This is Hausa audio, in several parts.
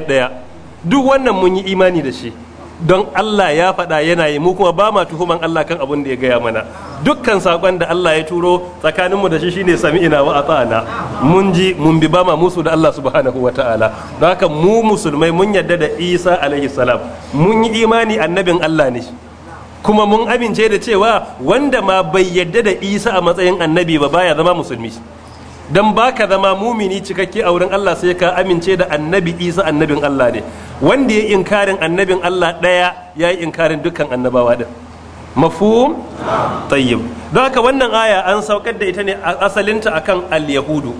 ɗaya ɗaya duk wannan mun yi imani da shi don Allah ya faɗa yana yi mu kuma ba ma tuhuman Allah kan abin da ya gaya mana dukkan sakon da Allah ya turo tsakaninmu da shi shine ina wa ata'ana mun ji mun bi ba ma musu da Allah subhanahu wa ta'ala don haka mu musulmai mun yadda da Isa alaihi salam mun yi imani annabin Allah ne kuma mun amince da cewa wanda ma bai yadda da Isa a matsayin annabi ba baya zama musulmi dan baka zama mumini cikakke a wurin Allah sai ka amince da annabi Isa annabin Allah ne wanda ya inkarin annabin Allah daya ya yi inkarin dukkan annabawa din mafhum tayyib don haka wannan aya an saukar da ita ne a asalinta akan al-yahudu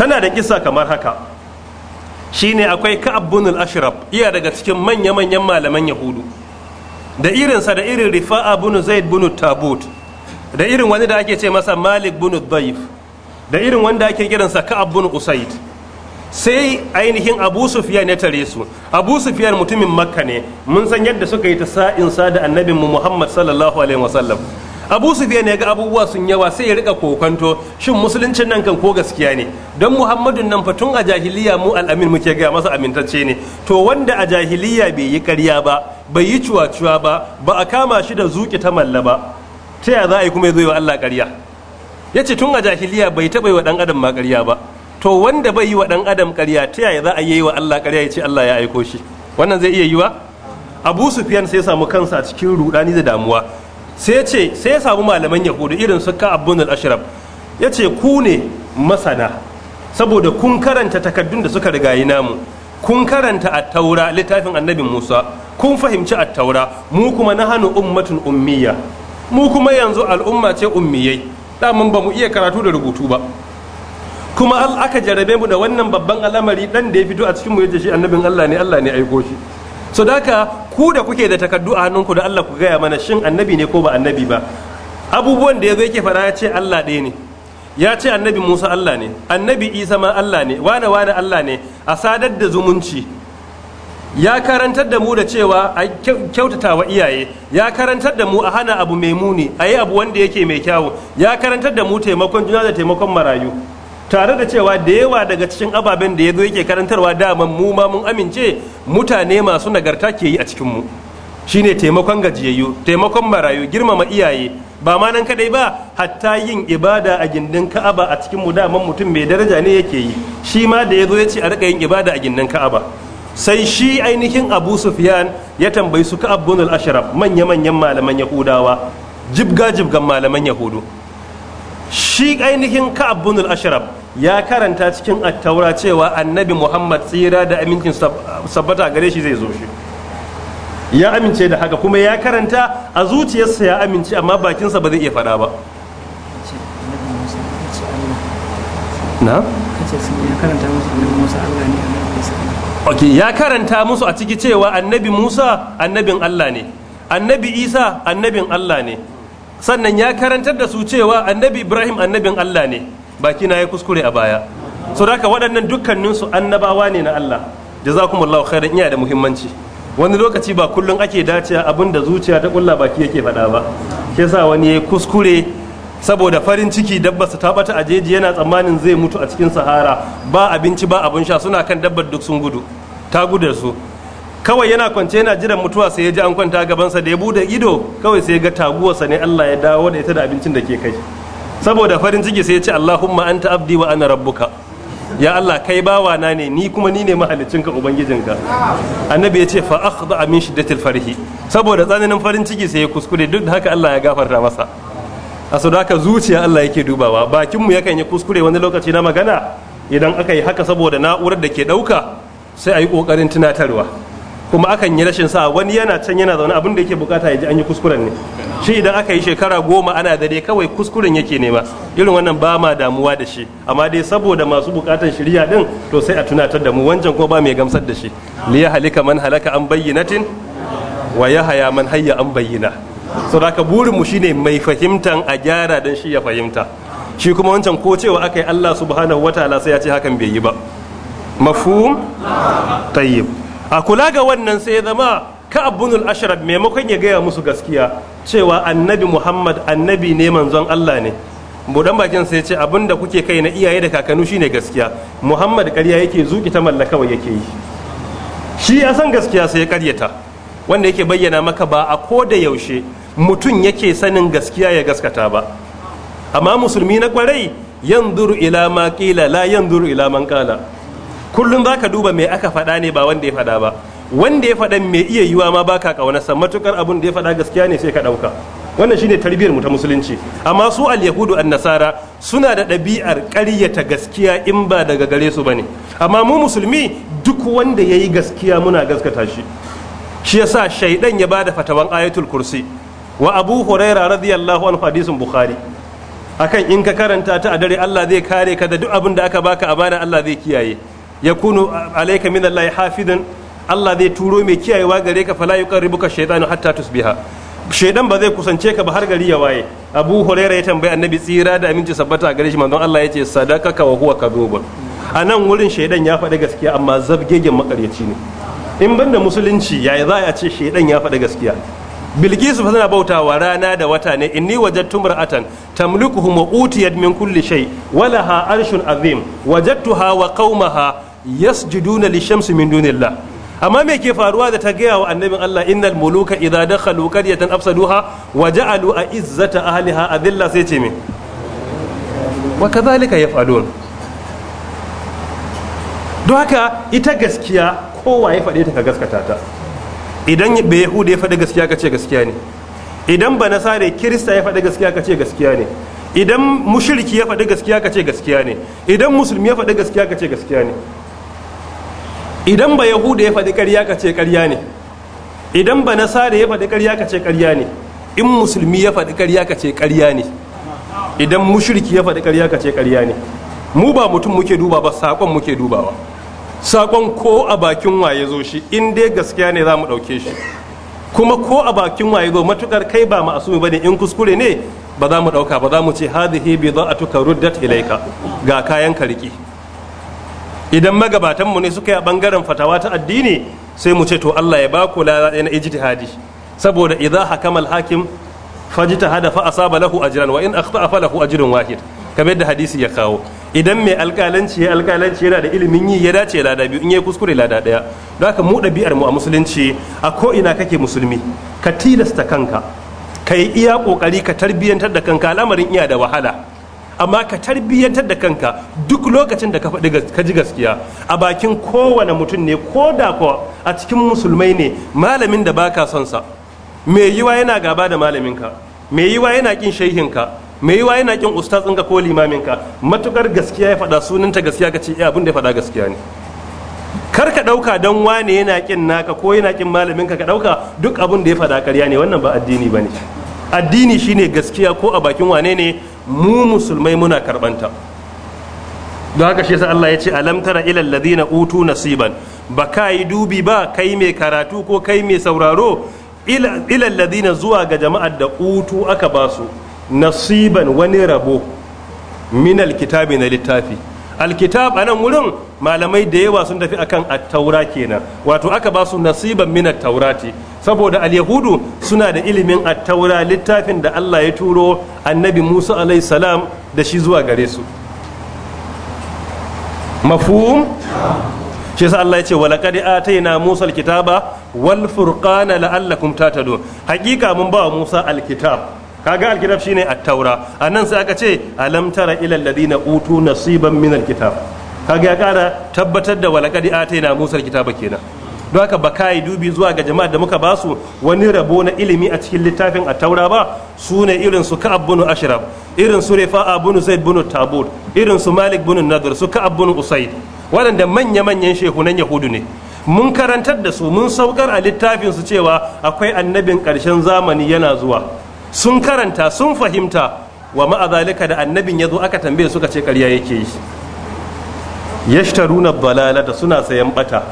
tana da kisa kamar haka shine akwai ka'ab bin al-ashraf iya daga cikin manya-manyan malaman yahudu da irinsa da irin rifa'a bin zaid bin tabut da irin wani da ake ce masa malik bin daif da irin wanda ake kiransa ka'ab bin usaid sai ainihin abu sufiyan ya tare su abu sufiyan mutumin makka ne mun san yadda suka yi ta sa'in sa da annabin mu muhammad sallallahu alaihi wasallam abu sufiyan ya ga abubuwa sun yawa sai ya rika kokanto shin musuluncin nan kan ko gaskiya ne don muhammadun nan fatun a jahiliya mu al'amin muke gaya masa amintacce ne to wanda a jahiliya bai yi karya ba bai yi cuwa-cuwa ba ba a kama shi da zuki ta malla ba ta ya za a yi kuma ya zo yi wa Allah ƙarya ya ce tun a jahiliya bai taɓa yi wa ɗan adam ma ƙarya ba to wanda bai yi wa ɗan adam ƙarya ta ya za a yi wa Allah ƙarya ya ce Allah ya aiko shi wannan zai iya yi wa abu sufiyan sai ya samu kansa cikin rudani da damuwa sai ce sai ya samu malaman yahudu irin su ka abu nul ashraf ya ce ku ne masana saboda kun karanta takaddun da suka riga rigayi namu kun karanta a taura littafin annabin musa kun fahimci a taura mu kuma na hannu ummatun ummiya mu kuma yanzu al'umma ce ummiyai daman ba mu iya karatu da rubutu ba kuma aka jarabe mu da wannan babban al'amari dan da ya fito a cikin mu yace shi annabin Allah ne Allah ne aiko shi so daka ku da kuke da takaddu a hannunku da Allah ku gaya mana shin annabi ne ko ba annabi ba abubuwan da yazo yake fara ya ce Allah ɗaya ne ya ce annabi Musa Allah ne annabi Isa ma Allah ne wane wane Allah ne a sadar da zumunci ya karantar da mu da cewa a kyautata wa iyaye ya karantar da mu a hana abu mai muni a yi abu wanda yake mai kyawu ya karantar da mu taimakon juna da taimakon marayu tare da cewa da yawa daga cikin ababen da ya zo yake karantarwa daman mu ma mun amince mutane masu nagarta ke yi a cikin mu shine taimakon gajiyayyu taimakon marayu girmama iyaye ba ma nan kadai ba hatta yin ibada a gindin ka'aba a cikin mu daman mutum mai daraja ne yake yi shi ma da ya zo ya ce a rika yin ibada a gindin ka'aba sai shi ainihin abu sufyan ya tambayi su ka abu nul ashraf manya-manyan malaman yahudawa jibga-jibgan malaman yahudu shi ainihin ka abu nul ashraf ya karanta cikin attaura cewa annabi muhammad tsira da amincin sabbata gare shi zai zo shi ya amince da haka kuma ya karanta a zuciyarsa ya amince amma bakinsa ba zai iya faɗa ba na? ya karanta musu annabi musa allah ne ok ya karanta musu a ciki cewa annabi musa annabin allah ne annabi isa annabin allah ne sannan ya karantar da su cewa annabi ibrahim annabin allah ne baki na ya kuskure a baya so haka waɗannan dukkaninsu annabawa ne na allah jazakumullahu khairan iya da muhimmanci wani lokaci ba kullum ake dace abin da zuciya ta kulla baki yake faɗa ba ke sa wani ya kuskure saboda farin ciki dabbarsa ta bata a jeji yana tsammanin zai mutu a cikin sahara ba abinci ba abin sha suna kan dabbar duk sun gudu ta gudar su kawai yana kwance yana jiran mutuwa sai ya ji an kwanta gabansa da ya bude ido kawai sai ya ga taguwarsa ne Allah ya dawo da ita da abincin da ke kai saboda farin ciki sai ya ce Allahumma anta abdi wa ana rabbuka ya Allah kai bawa na ne ni kuma ni ne mahaliccinka ka. annabi ya ce fa akhda min shiddatil farhi saboda tsananin farin ciki sai ya kuskure duk da haka Allah ya gafarta masa a sau haka zuciya Allah yake dubawa bakinmu yakan yi kuskure wani lokaci na magana idan aka yi haka saboda na'urar da ke ɗauka sai a yi kokarin tunatarwa kuma akan yi rashin sa wani yana can yana zaune abin da yake bukata ya ji an yi kuskuren ne shi idan aka yi shekara goma ana dare kawai kuskuren yake nema irin wannan ba ma damuwa da shi amma dai saboda masu bukatan shirya din to sai a tunatar da mu wancan ko ba mai gamsar da shi liya halika man halaka an bayyinatin wa ya haya man hayya an bayyina so da mu shine mai fahimtan a gyara don shi ya fahimta shi kuma wancan ko cewa aka yi Allah subhanahu wa ta'ala sai ya ce hakan bai yi ba mafu tayyib a kula ga wannan sai zama ka abunul ashirar maimakon ya gaya musu gaskiya cewa annabi muhammad annabi ne manzon Allah ne budan bakin sai ce abin da kuke kai na iyaye da kakanu shine gaskiya muhammad karya yake zuki ta mallaka yake yi shi ya san gaskiya sai ya karyata wanda yake bayyana maka ba a ko da yaushe mutum yake sanin gaskiya ya gaskata ba amma musulmi na kwarai yan duru ila ma kila la yan duru ila man kala kullum za ka duba mai aka faɗa ne ba wanda ya faɗa ba wanda ya faɗa mai iya yiwa ma baka kaunarsa matukar abun da ya faɗa gaskiya ne sai ka ɗauka wannan shine tarbiyyar mu ta musulunci amma su al yahudu an nasara suna da ɗabi'ar ƙaryata gaskiya in ba daga gare su ne amma mu musulmi duk wanda yayi gaskiya muna gaskata shi shi yasa shaidan ya bada fatawan ayatul kursi wa abu huraira radiyallahu anhu hadisin bukhari akan in ka karanta ta a dare Allah zai kare ka da duk abin da aka baka amana Allah zai kiyaye ya kunu alayka min Allah hafizan Allah zai turo mai kiyayewa gare ka fala yuqarribuka shaytanu hatta tusbiha shaydan ba zai kusance ka ba har gari ya waye Abu Huraira ya tambayi Annabi tsira da aminci sabbata gare shi manzon Allah yace sadakaka wa huwa kadubun a nan wurin shaidan ya faɗi gaskiya amma zabgegen makaryaci ne in banda musulunci yayi za a ce shaidan ya faɗi gaskiya bilkisu fa tana bautawa rana da wata ne inni wajadtu mar'atan tamlikuhum wa utiyat min kulli shay walaha arshun azim wajadtuha wa qaumaha yasjuduna shamsi min dunillah amma me ke faruwa da ta gaya wa annabin Allah innal muluka idza dakhalu qaryatan afsaduha wa ja'alu a'izzata ahliha adilla sai ce me wa kadhalika yaf'alun don haka ita gaskiya kowa ya faɗe ta ka gaskata ta idan bai yahuda ya faɗi gaskiya ka ce gaskiya ne idan ba nasare kirista ya faɗi gaskiya ka ce gaskiya ne idan mushirki ya faɗi gaskiya ka ce gaskiya ne idan musulmi ya faɗi gaskiya ka ce gaskiya ne idan ba yahuda ya faɗi ƙarya ka ce ƙarya ne idan ba nasare ya faɗi ƙarya ka ce ƙarya ne in musulmi ya faɗi ƙarya ka ce ƙarya ne idan mushirki ya faɗi ƙarya ka ce ƙarya ne mu ba mutum muke duba ba saƙon muke dubawa Sakon ko a bakin waye zo shi in dai gaskiya ne za mu ɗauke shi kuma ko a bakin waye zo matukar kai ba asumi bane in kuskure ne ba za mu ɗauka ba za mu ce hadhihi bidha'atuka ruddat ilayka ga kayan ka riƙe idan magabatan mu ne suka yi a bangaren fatawa ta addini sai mu ce to Allah ya baku la na ijtihadi saboda idza hakama al-hakim fajtahada fa asaba lahu ajran wa in akhta'a falahu ajrun wahid kamar da hadisi ya kawo idan mai alkalanci ya alkalanci yana da ilimin yi ya dace lada biyu in ya kuskure lada ɗaya za ka mu ɗabi'ar mu a musulunci a ko ina kake musulmi ka tilasta kanka ka yi iya ƙoƙari ka tarbiyyantar da kanka al'amarin iya da wahala amma ka tarbiyyantar da kanka duk lokacin da ka faɗi ka ji gaskiya a bakin kowane mutum ne ko da ko a cikin musulmai ne malamin da baka son sa mai yiwa yana gaba da malaminka mai yiwa yana kin ka mai yiwa yana kin ustaz ɗinka ko limamin ka matukar gaskiya ya faɗa sunanta gaskiya ka ce eh abin da ya faɗa gaskiya ne kar ka ɗauka dan wane yana kin naka ko yana kin malamin ka ka ɗauka duk abin da ya faɗa ƙarya ne wannan ba addini bane addini shine gaskiya ko a bakin wane ne mu musulmai muna karɓanta don haka shi yasa Allah ya ce alam tara ilal ladina utu nasiban ba ka yi dubi ba kai mai karatu ko kai mai sauraro ilal ladina zuwa ga jama'ar da utu aka basu nasiban wani rabo min alkitabi na littafi alkitab a nan wurin malamai da yawa sun tafi akan attaura kenan wato aka ba su nasiban min attaurati saboda alyahudu suna da ilimin attaura littafin da Allah ya turo annabi Musa alaihi salam da shi zuwa gare su mafhum shi sa Allah ya ce wa laqad atayna Musa alkitaba wal furqana la'allakum tatadun hakika mun ba Musa alkitab kaga alkitab shine at-taura anan sai aka ce alam tara ilal ladina utu nasiban min alkitab kaga ya kara tabbatar da walaqad ataina musa alkitaba kenan don haka ba kai dubi zuwa ga jama'a da muka basu wani rabo na ilimi a cikin littafin at-taura ba su ne irin su ka'ab bin ashraf irin su rifa bin zaid bin tabut irin su malik bin nadr su ka'ab bin usaid waɗanda manya-manyan shehunan yahudu ne mun karantar da su mun saukar a littafin su cewa akwai annabin ƙarshen zamani yana zuwa sun karanta sun fahimta wa ma'azalika da annabin ya zo aka tambaye suka ce karya yake yi Ya yashtaruna balala da suna sayan bata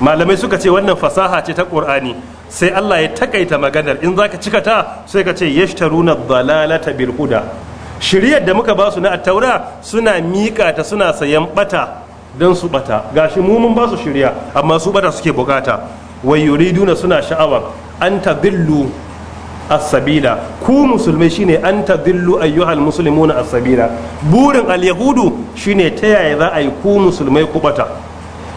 malamai suka ce wannan fasaha ce ta Ƙur'ani. sai Allah ya takaita maganar in zaka cika ta sai ka ce ya yashtaruna balala ta birkuda. shiriyar da muka ba su na attaura suna miƙa ta suna sayan bata don su bata gashi mu mun ba su shirya amma su bata suke bukata wai yuriduna suna sha'awar an tabillu as-sabila ku musulmi shine an tadillu ayyuhal muslimuna as-sabila burin al-yahudu shine ta yaya za a yi ku musulmai ku bata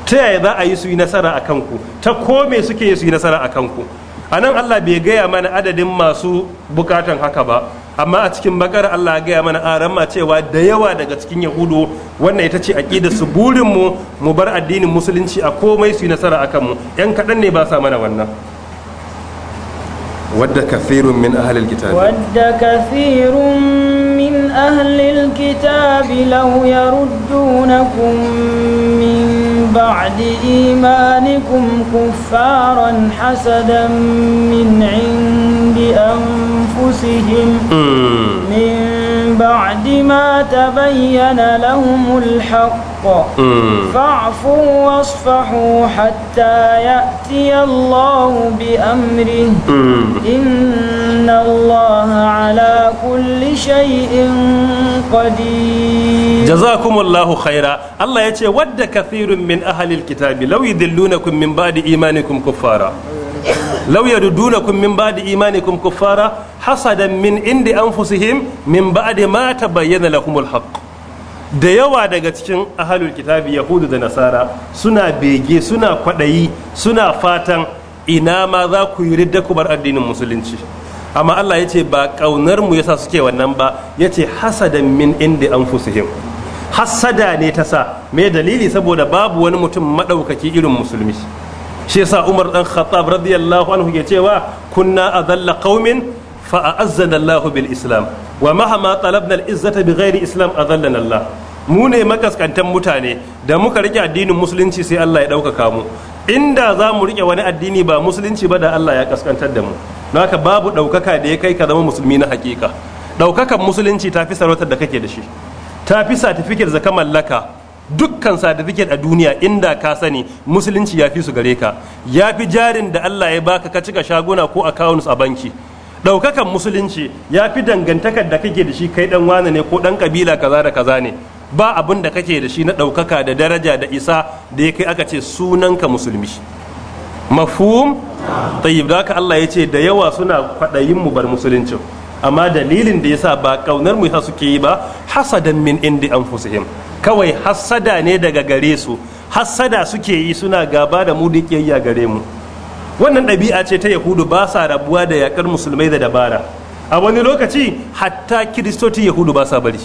ta yaya za a yi su yi nasara a kanku ta kome suke yi su yi nasara a kanku a allah bai gaya mana adadin masu bukatan haka ba amma a cikin bakar allah gaya mana arama cewa da yawa daga cikin yahudu wannan ita ce aƙida su burinmu mu bar addinin musulunci a komai su yi nasara a kanmu yan kaɗan ne ba sa mana wannan wadda kafirun min ahalil kitabi wadda kafirun lau ya rudunakun min ba'di imanikun kuffaran hasada min indi anfusihim min بعد ما تبين لهم الحق فاعفوا واصفحوا حتى يأتي الله بأمره إن الله على كل شيء قدير جزاكم الله خيرا الله يتي ود كثير من أهل الكتاب لو يدلونكم من بعد إيمانكم كفارا law kun min ba da imani imanikum kuffara hasadan min inda an fusihim min ba da ma bayyana lakumul haqq da yawa daga cikin ahalul kitabi yahudu da nasara suna bege suna kwaɗayi, suna fatan ina ma za ku yi ridda kubar addinin musulunci amma Allah ya ce ba kaunar mu yasa suke wannan ba ya ce hasadan min inda an fusihim hasada ne ta sa mai dalili saboda babu wani mutum maɗaukaki irin musulmi shi yasa Umar dan Khattab radiyallahu anhu ke cewa kunna adalla qaumin fa azzana Allahu bil Islam wa mahama talabna al izzata bighairi Islam adallana Allah mu ne makaskantan mutane da muka rike addinin musulunci sai Allah ya ɗaukaka mu inda za mu rike wani addini ba musulunci ba da Allah ya kaskantar da mu don haka babu ɗaukaka da ya kai ka zama musulmi na hakika ɗaukakan musulunci ta fi sarautar da kake da shi ta fi satifiket da ka mallaka dukkan certificate a duniya inda ka sani musulunci ya fi su gare ka ya fi jarin da Allah ya baka ka cika shaguna ko accounts a banki Ɗaukakan musulunci ya fi dangantakar da kake da shi kai dan wane ne ko dan kabila kaza da kaza ne ba abin da kake da shi na ɗaukaka da daraja da isa da ya kai aka ce sunanka musulmi mafhum tayyib da haka Allah ya ce da yawa suna kwaɗayin mu bar musulunci amma dalilin da yasa ba kaunar mu suke yi ba hasadan min indi anfusihim kawai hassada ne daga gare su hassada suke yi suna gaba da mu da kiyayya gare mu wannan ɗabi'a ce ta yahudu ba sa rabuwa da yakar musulmai da dabara a wani lokaci hatta kiristoci yahudu ba sa bari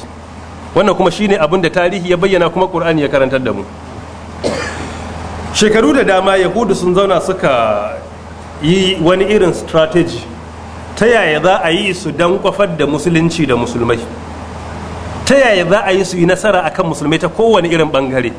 wannan kuma shine abin da tarihi ya bayyana kuma qur'ani ya karantar da mu shekaru da dama yahudu sun zauna suka yi wani irin strategy ta yaya za a yi su dan kwafar da musulunci da musulmai ta yaya za a yi su yi nasara a kan musulmai ta kowane irin bangare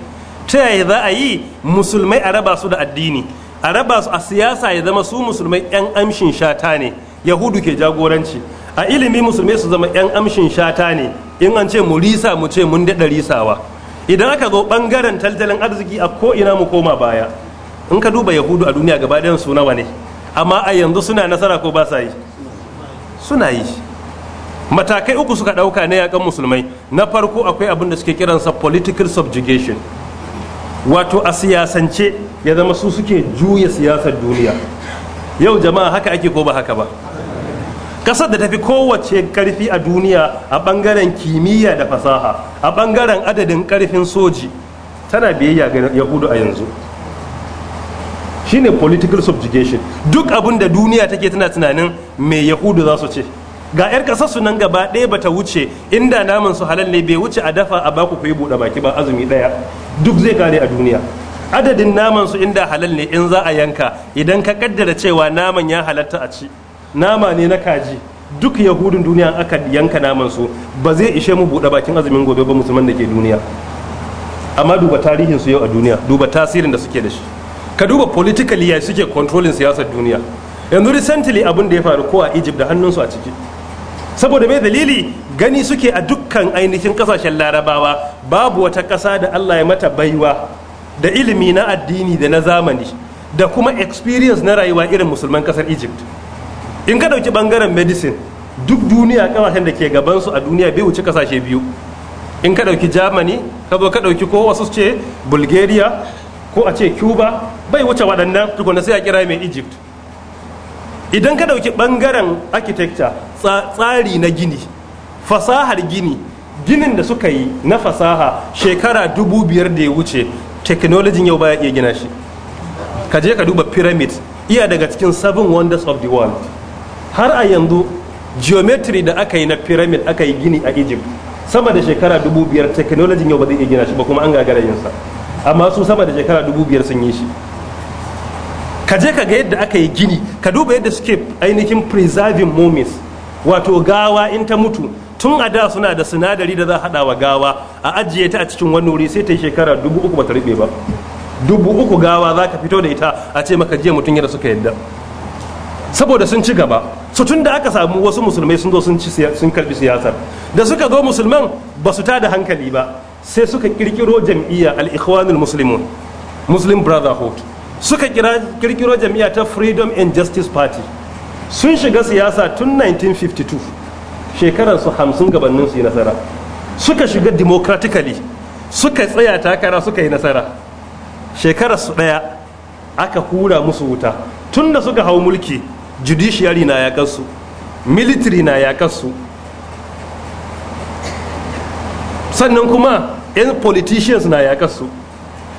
ta yaya za a yi musulmai a raba su da addini a raba su a siyasa ya zama su musulmai yan amshin shata ne yahudu ke jagoranci a ilimi musulmai su zama yan amshin shata ne in an ce mu risa mu ce mun daɗa risawa idan aka zo bangaren tattalin arziki a ko ina mu koma baya in ka duba yahudu a duniya gaba ɗayan su nawa ne amma a yanzu suna nasara ko ba sa yi suna yi matakai uku suka ɗauka na yakan musulmai na farko akwai abin da suke kiransa political subjugation wato a siyasance ya zama su suke juya siyasar duniya yau jama'a haka ake ko ba haka ba kasar da tafi kowace ƙarfi a duniya a bangaren kimiyya da fasaha a bangaren adadin karfin soji tana biyayya ga yahudu a yanzu shine political subjugation duk abin da duniya take tana tunanin mai yahudu za su ce ga 'yar ƙasar su nan gaba ɗaya bata wuce inda naman su halal ne bai wuce a dafa a baku kuyi yi buɗe baki ba azumi ɗaya duk zai kare a duniya adadin naman su inda halal ne in za a yanka idan ka kaddara cewa naman ya halatta a ci nama ne na kaji duk yahudun duniya aka yanka naman su ba zai ishe mu buɗe bakin azumin gobe ba musulman da ke duniya amma duba tarihin su yau a duniya duba tasirin da suke da shi ka duba politically ya suke controlling siyasar duniya yanzu recently abin da ya faru ko a Egypt da hannun su a ciki saboda mai dalili gani suke a dukkan ainihin kasashen larabawa babu wata ƙasa da allah ya mata baiwa da ilimi na addini da na zamani da kuma experience na rayuwa irin musulman ƙasar egypt in ka ɗauki ɓangaren medicine duk duniya ƙasashen da ke gabansu a duniya bai wuce ƙasashe biyu in ka ɗauki germany ka zo ka ɗauki ko wasu ce bulgaria ko a ce cuba bai wuce waɗannan tukuna sai a kira mai egypt idan ka ɗauki bangaren architecture tsari na gini fasahar gini ginin da suka yi na fasaha shekara dubu biyar da ya wuce teknolojin yau baya iya gina shi ka je ka duba pyramid iya daga cikin seven wonders of the world har a yanzu geometry da aka yi na pyramid aka yi gini a egypt sama da shekara dubu biyar teknolojin yau ba zai iya gina shi ba kuma an gagara yinsa amma su sama da shekara dubu biyar sun yi shi ka je ka ga yadda aka yi gini ka duba yadda suke ainihin preserving mummies wato gawa in ta mutu tun a da suna da sinadari da za a wa gawa a ajiye ta a cikin wani wuri sai ta yi shekara dubu uku bata rube ba dubu uku gawa za ka fito da ita a ce maka jiya mutum yadda suka yadda saboda sun ci gaba su tun da aka samu wasu musulmai sun zo sun karbi siyasar da suka zo musulman ba su da hankali ba sai suka kirkiro jam'iyya al-ikhwanul muslimun muslim brotherhood suka kirkiro jami'a ta freedom and justice party sun shiga siyasa tun 1952 su hamsin gabanin su yi nasara suka shiga democratically suka tsaya takara suka yi nasara shekararsu ɗaya aka hura musu wuta tun da suka hau mulki judiciary na yakarsu military na yakarsu sannan kuma 'yan politicians na yakarsu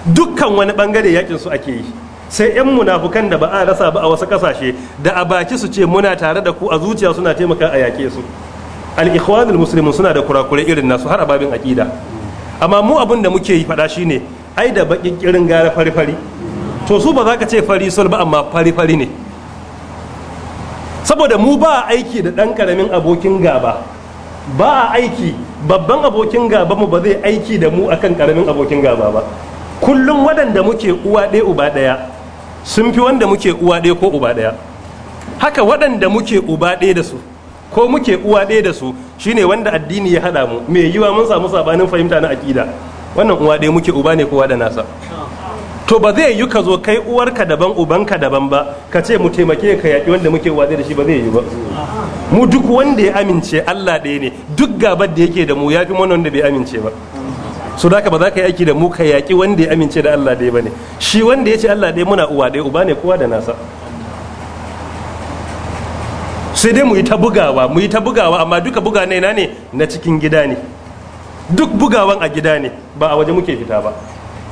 dukkan wani bangare yakin su ake yi sai 'yan munafukan da ba a rasa ba a wasu kasashe da a baki su ce muna tare da ku a zuciya suna taimaka a yaƙe su al-ikhwanul suna da kurakure irin nasu har ababin aƙida amma mu abin da muke yi faɗa shine ai da baƙin kirin gara fari fari to su ba za ka ce fari sol ba amma fari fari ne saboda mu ba aiki da ɗan karamin abokin gaba ba a aiki babban abokin gaba mu ba zai aiki da mu akan karamin abokin gaba ba kullum waɗanda muke uwa ɗaya uba ɗaya sun fi wanda muke uwa ɗaya ko uba ɗaya haka waɗanda muke uba ɗaya da su ko muke uwa ɗaya da su shine wanda addini ya haɗa mu mai yiwa mun samu sabanin fahimta na aƙida wannan uwa ɗaya muke uba ne kowa da nasa to ba zai yi ka zo kai uwarka daban ubanka daban ba ka ce mu taimake ka yaƙi wanda muke uwa ɗaya da shi ba zai yi ba mu duk wanda ya amince Allah ɗaya ne duk gabar da yake da mu ya fi wanda bai amince ba so da ba za ka yi aiki da mu ka yaƙi wanda ya amince da Allah ɗaya bane shi wanda ya ce Allah ɗaya muna uwa ɗaya uba ne kowa da nasa sai dai mu yi ta bugawa mu yi ta bugawa amma duka buga ne na ne na cikin gida ne duk bugawan a gida ne ba a waje muke fita ba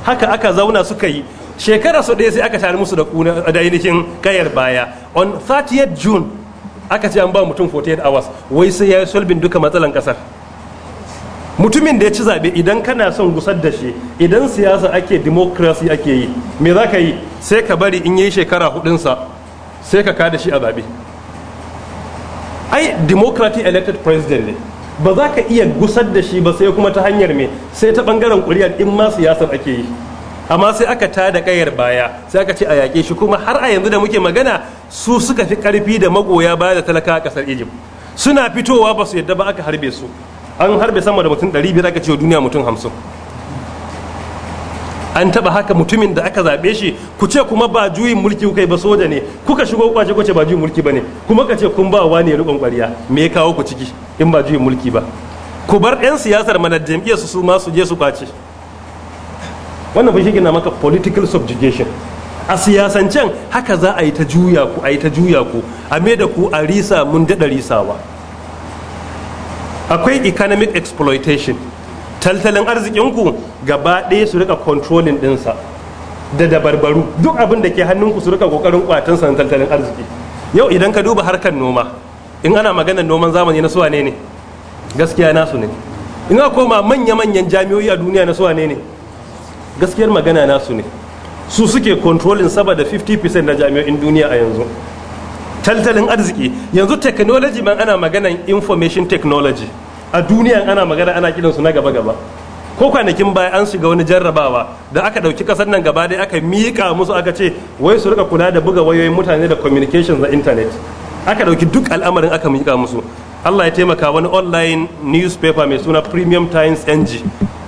haka aka zauna suka yi shekara su ɗaya sai aka tare musu da kuna a ainihin kayar baya on 30th june aka ce an ba mutum 48 hours wai sai ya yi solbin duka matsalan kasar mutumin da ya ci zaɓe idan kana son gusar da shi idan siyasa ake democracy ake yi me za ka yi sai ka bari in yi shekara hudunsa sai ka kada shi a zaɓe ai democratic elected president ne ba za ka iya gusar da shi ba sai kuma ta hanyar me sai ta bangaren ƙuri'ar in ma siyasar ake yi amma sai aka ta da kayar baya sai aka ce a yaƙe shi kuma har a yanzu da muke magana su suka fi ƙarfi da magoya baya da talaka a ƙasar egypt suna fitowa ba su yadda ba aka harbe su an harbe sama da mutum 500 aka ce duniya mutum 50 an taba haka mutumin da aka zaɓe shi ku ce kuma ba juyin mulki kuka yi ba soja ne kuka shigo kwace kwace ba juyin mulki ba ne kuma ka ce kun ba wa ne rikon kwariya me ya kawo ku ciki in ba juyin mulki ba ku bar 'yan siyasar mana jam'iyyar su ma su je su kwace wannan ba shi gina maka political subjugation a siyasancen haka za a yi ta juya ku a yi ta juya ku a me da ku a risa mun daɗa risawa akwai economic exploitation tattalin arzikinku gaba ɗaya su rika controlling ɗinsa da dabarbaru duk abin da ke hannunku su rika kokarin kwatan san tattalin arziki yau idan ka duba harkar noma in ana maganar noman zamani na suwane ne gaskiya nasu ne in aka koma manya-manyan jami'o'i a duniya na suwane ne gaskiyar magana nasu ne su suke controlling saboda 50% na jami'o'in duniya a yanzu tattalin arziki yanzu technology man ana maganan information technology a duniya ana magana ana su na gaba gaba ko kwanakin baya an shiga wani jarrabawa da aka dauki kasar nan gaba dai aka miƙa musu aka ce wai su rika kula da buga wayoyin mutane da communications na internet aka dauki duk al'amarin aka miƙa musu Allah ya taimaka wani online newspaper mai suna Premium Times NG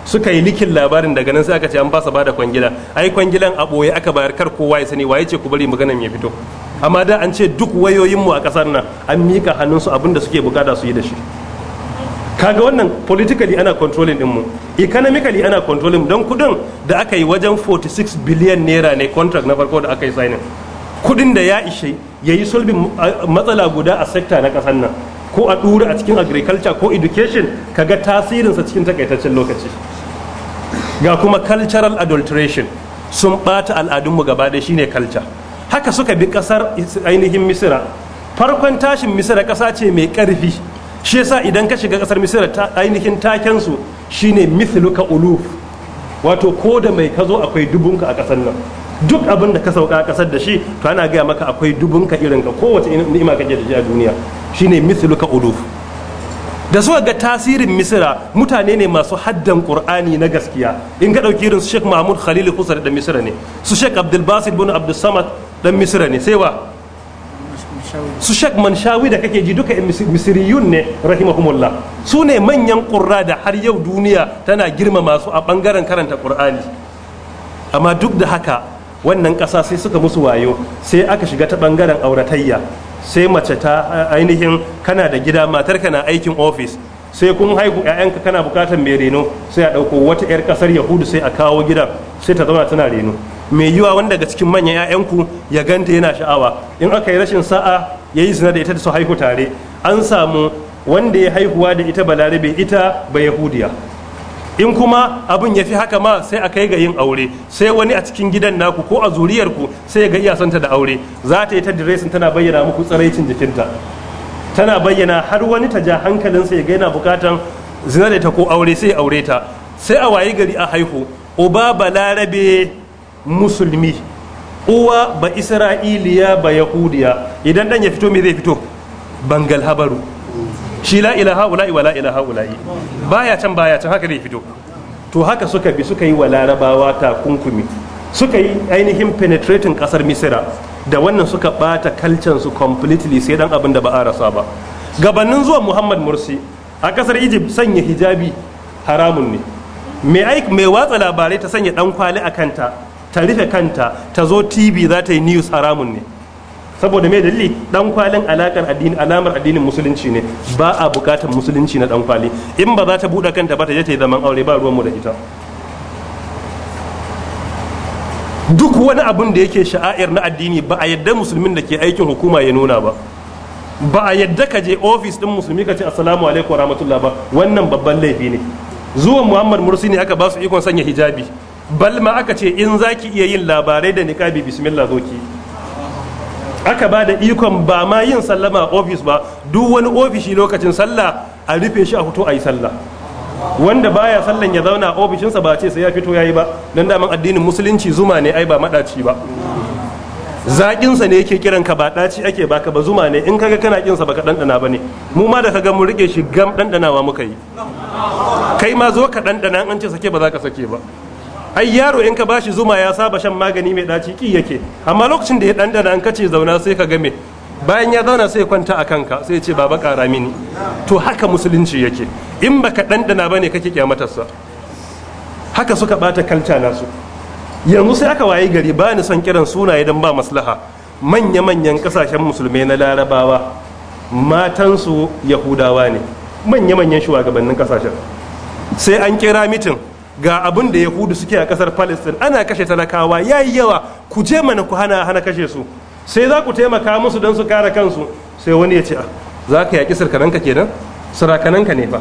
suka yi likin labarin daga nan sai aka ce an fasa bada kwangila ai kwangilan a boye aka bayar kar kowa ya sani waye ce ku bari maganan ya fito amma da an ce duk wayoyinmu a ƙasar nan an miƙa hannunsu abin da suke bukata su yi da shi kaga wannan politically ana controlling mu. economically ana controlling don kudin da aka yi wajen 46 billion naira ne contract na farko da aka yi signing kudin da ya ishe ya yi solving matsala guda a sector na ƙasar nan ko a ɗura a cikin agriculture ko education kaga sa cikin takaitaccen lokaci ga kuma cultural adulteration sun ɓata al'adunmu gaba ɗaya shine culture haka suka bi kasar ainihin misira farkon tashin misira kasa ce mai karfi shi yasa idan ka shiga kasar misira ta ainihin takensu shine mithluka uluf wato ko da mai kazo akwai dubunka a kasar nan duk abin da ka sauka a kasar da shi to ana gaya maka akwai dubunka irin ka kowace ni'ima kake da shi a duniya shine mithluka uluf da suka ga tasirin misira mutane ne masu haddan qur'ani na gaskiya in ka ɗauki irin su sheikh mahmud khalil husar da misira ne su sheikh abdul basit bin abdul samad dan misira ne sai wa su shak manshawi da kake ji duka misiriyun ne rahimahumullah su ne manyan ƙurra da har yau duniya tana girmama su a ɓangaren karanta ƙur'ani amma duk da haka wannan ƙasa sai suka musu wayo sai aka shiga ta ɓangaren auratayya sai mace ta ainihin kana da gida matarka na aikin ofis sai kun haihu 'ya'yanka kana bukatar mai reno sai a ɗauko wata 'yar ƙasar yahudu sai a kawo gidan sai ta zauna tana reno mai yiwa wanda daga cikin manyan 'ya'yanku ya ganta yana sha'awa in aka yi rashin sa'a ya yi zina da ita da su haihu tare an samu wanda ya haihuwa da ita balarabe ita ba yahudiya in kuma abin ya fi haka ma sai a kai ga yin aure sai wani a cikin gidan naku ko a zuriyarku sai ga iya iyasanta da aure za ta yi ta diresin tana bayyana muku tsaraicin jikinta tana bayyana har wani ta ja hankalinsa ya ga yana bukatan zina da ta ko aure sai aure ta sai a wayi gari a haihu uba balarabe musulmi uwa ba isra'iliya ba yahudiya idan dan ya fito me zai fito bangal habaru shi la ilaha wala wa la ilaha wala baya can baya can haka zai fito to haka suka bi suka yi wa larabawa takunkumi suka yi ainihin penetrating kasar misira da wannan suka bata kalcan su completely sai dan abin da ba a rasa ba gabanin zuwa muhammad mursi a kasar egypt sanya hijabi haramun ne mai watsa labarai ta sanya dan kwali a kanta ta rufe kanta ta zo tv za ta yi news haramun ne saboda mai dalili dan kwalin alakar addini alamar addinin musulunci ne ba a bukatar musulunci na dan kwali in ba za ta bude kanta ba ta je ta yi zaman aure ba ruwan mu da ita duk wani abun da yake sha'air na addini ba a yadda musulmin da ke aikin hukuma ya nuna ba ba a yadda ka je ofis din musulmi ka ce assalamu alaikum wa rahmatullah ba wannan babban laifi ne zuwan muhammad mursi ne aka ba su ikon sanya hijabi Balma aka ce in za ki iya yin labarai da niƙabi bismillah zo ki aka ba da ikon ba ma yin sallama a ofis ba duk wani ofishi lokacin sallah a rufe shi a fito a yi sallah wanda baya sallan ya zauna a ofishinsa ba ce sai ya fito ya yi ba don daman addinin musulunci zuma ne ai ba maɗaci ba zaƙinsa ne yake kiran ka ba ɗaci ake baka ba zuma ne in kaga kana ƙinsa baka ɗanɗana ba ne mu ma da kaga mu rike shi gam ɗanɗanawa muka yi kai ma zo ka ɗanɗana an ce sake ba za ka sake ba ai yaro in ka bashi zuma ya saba shan magani mai daci ki yake amma lokacin da ya dandana an kace zauna sai ka game bayan ya zauna sai kwanta a kanka sai ya ce baba kara mini to haka musulunci yake in baka dandana bane kake kyamatarsa haka suka bata kalta nasu yanzu sai aka waye gari ba ni son kiran sunaye don ba maslaha manya-manyan kasashen musulmai na larabawa matansu yahudawa ne manya-manyan shugabannin kasashen sai an kira mitin ga abin da yahudu suke a kasar palestine ana kashe talakawa ya yi yawa ku je mana ku hana hana kashe su sai za ku taimaka musu don su kare kansu sai wani ya ce a ah, za ka yaƙi sirkananka kenan sarakananka ne ba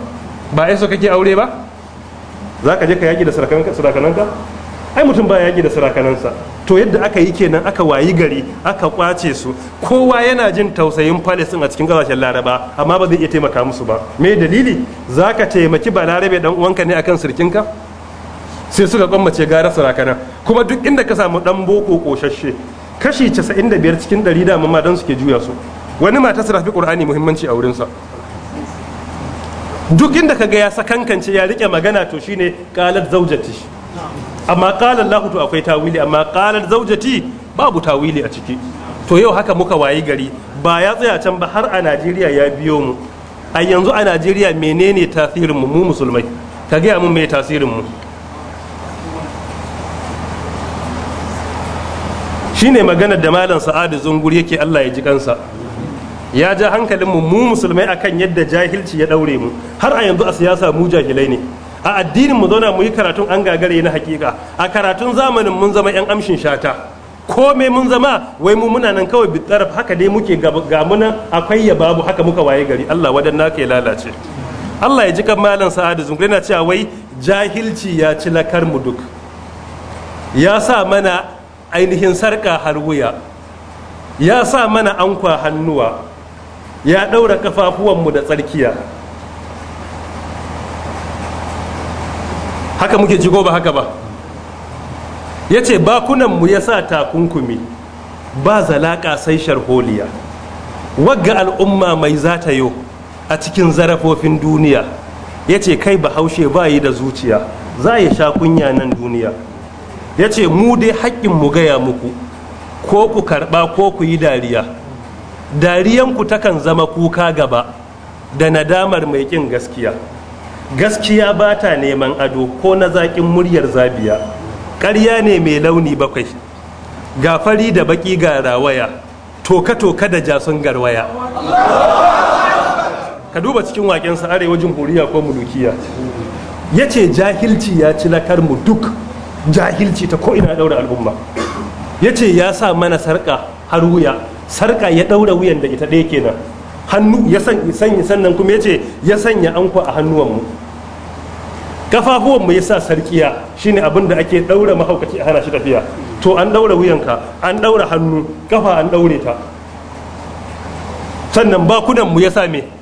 ba ai so kake aure ba za ka je ka yaƙi da sarakananka ai mutum ba yaƙi da sarakanansa to yadda aka yi kenan aka wayi gari aka kwace su kowa yana jin tausayin palestine a cikin kasashen laraba amma ba zai iya taimaka musu ba me dalili za ka taimaki ba larabe dan uwanka ne akan sirkinka sai suka gwammace gara sarakana kuma duk inda ka samu dan boko koshashe kashi 95 cikin 100 da ma dan suke juya su wani mata su rafi qur'ani muhimmanci a wurinsa duk inda ka ga ya sakankance ya rike magana to shine qalat zaujati amma qala Allah akwai tawili amma qalat zaujati babu tawili a ciki to yau haka muka wayi gari ba ya tsaya can ba har a Najeriya ya biyo mu a yanzu a Najeriya menene tasirin mu mu musulmai ka gaya mu me tasirin mu Shi ne maganar da malam sa'adu zungur yake Allah ya ji kansa ya ja hankalin mu mu musulmai akan yadda jahilci ya daure mu har a yanzu a siyasa mu jahilai ne a addinin mu zauna mu yi karatun an gagare na hakika a karatun zamanin mun zama yan amshin shata kome mun zama wai mu muna nan kawai bitaraf haka dai muke ga muna akwai ya babu haka muka waye gari Allah wadan na ya lalace Allah ya ji kan malam sa'adu Zungur yana cewa wai jahilci ya ci lakar mu duk ya sa mana ainihin sarka har wuya ya sa mana ankwa hannuwa ya ɗaura mu da tsarkiya haka muke jigo ba haka ba ya ce bakunanmu ya sa takunkumi ba zalaƙa sai sharholiya wagga al'umma mai zata yau a cikin zarafofin duniya ya ce kai bahaushe ba yi da zuciya za ya sha kunya nan duniya ya ce mu dai haƙƙin mu gaya muku ko ku karɓa ko ku yi dariya dariyanku takan zama kuka gaba da nadamar mai ƙin gaskiya gaskiya ba ta neman ado ko na zaƙin muryar zabiya ƙarya ne mai launi bakwai ga fari da baƙi ga rawaya toka-toka da jasun garwaya ka duba cikin waƙensa arewa jamhuriya ko mulukiya ya ce jahilci ya ci lakarmu duk jahilci ta ko ina daura al'umma yace ya sa mana sarka har wuya sarka ya daura wuyan da ita ɗaya kenan hannu ya sanya sannan kuma yace ya sanya anko a hannuwanmu kafafuwanmu ya sa sarkiya shine abin da ake daura mahaukaci a hana shi tafiya to an daura wuyanka an daura hannu kafa an daure ta sannan bakunanmu ya sa me